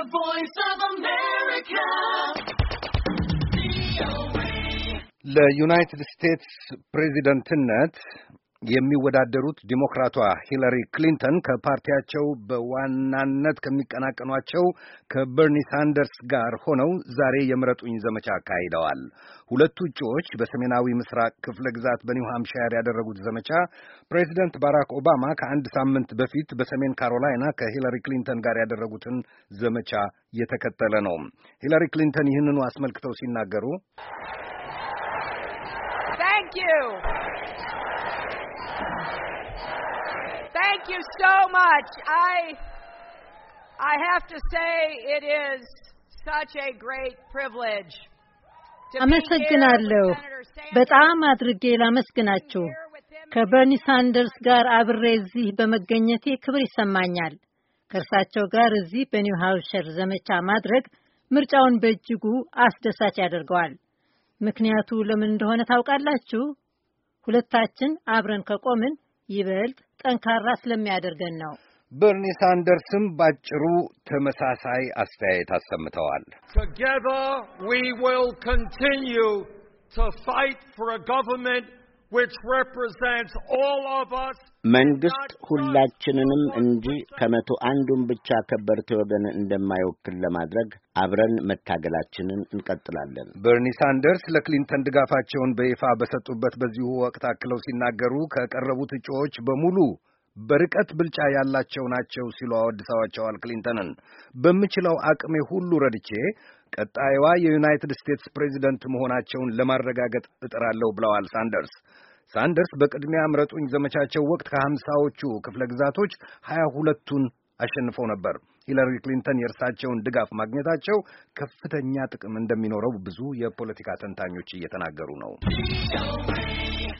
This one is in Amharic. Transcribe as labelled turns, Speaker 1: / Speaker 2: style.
Speaker 1: The voice of America.
Speaker 2: ለዩናይትድ ስቴትስ ፕሬዚደንትነት የሚወዳደሩት ዲሞክራቷ ሂለሪ ክሊንተን ከፓርቲያቸው በዋናነት ከሚቀናቀኗቸው ከበርኒ ሳንደርስ ጋር ሆነው ዛሬ የምረጡኝ ዘመቻ አካሂደዋል። ሁለቱ እጩዎች በሰሜናዊ ምስራቅ ክፍለ ግዛት በኒው ሃምፕሻየር ያደረጉት ዘመቻ ፕሬዚደንት ባራክ ኦባማ ከአንድ ሳምንት በፊት በሰሜን ካሮላይና ከሂለሪ ክሊንተን ጋር ያደረጉትን ዘመቻ የተከተለ ነው። ሂለሪ ክሊንተን ይህንኑ አስመልክተው ሲናገሩ
Speaker 1: Thank you. Thank you so much. I I have to say it is such a great privilege. አመሰግናለሁ። በጣም አድርጌ ላመስግናችሁ። ከበርኒ ሳንደርስ ጋር አብሬ እዚህ በመገኘቴ ክብር ይሰማኛል። ከእርሳቸው ጋር እዚህ በኒው ሃውሸር ዘመቻ ማድረግ ምርጫውን በእጅጉ አስደሳች ያደርገዋል። ምክንያቱ ለምን እንደሆነ ታውቃላችሁ? ሁለታችን አብረን ከቆምን ይበልጥ ጠንካራ ስለሚያደርገን ነው።
Speaker 2: በርኒ ሳንደርስም ባጭሩ ተመሳሳይ አስተያየት አሰምተዋል። Together we will continue to fight for a government መንግስት ሁላችንንም እንጂ ከመቶ አንዱን ብቻ ከበርቴ ወገን እንደማይወክል ለማድረግ አብረን መታገላችንን እንቀጥላለን። በርኒ ሳንደርስ ለክሊንተን ድጋፋቸውን በይፋ በሰጡበት በዚሁ ወቅት አክለው ሲናገሩ ከቀረቡት እጩዎች በሙሉ በርቀት ብልጫ ያላቸው ናቸው ሲሉ አወድሰዋቸዋል። ክሊንተንን በምችለው አቅሜ ሁሉ ረድቼ ቀጣይዋ የዩናይትድ ስቴትስ ፕሬዚደንት መሆናቸውን ለማረጋገጥ እጥራለሁ ብለዋል ሳንደርስ። ሳንደርስ በቅድሚያ ምረጡኝ ዘመቻቸው ወቅት ከሀምሳዎቹ ክፍለ ግዛቶች ሀያ ሁለቱን አሸንፈው ነበር። ሂለሪ ክሊንተን የእርሳቸውን ድጋፍ ማግኘታቸው ከፍተኛ ጥቅም እንደሚኖረው ብዙ የፖለቲካ ተንታኞች እየተናገሩ ነው።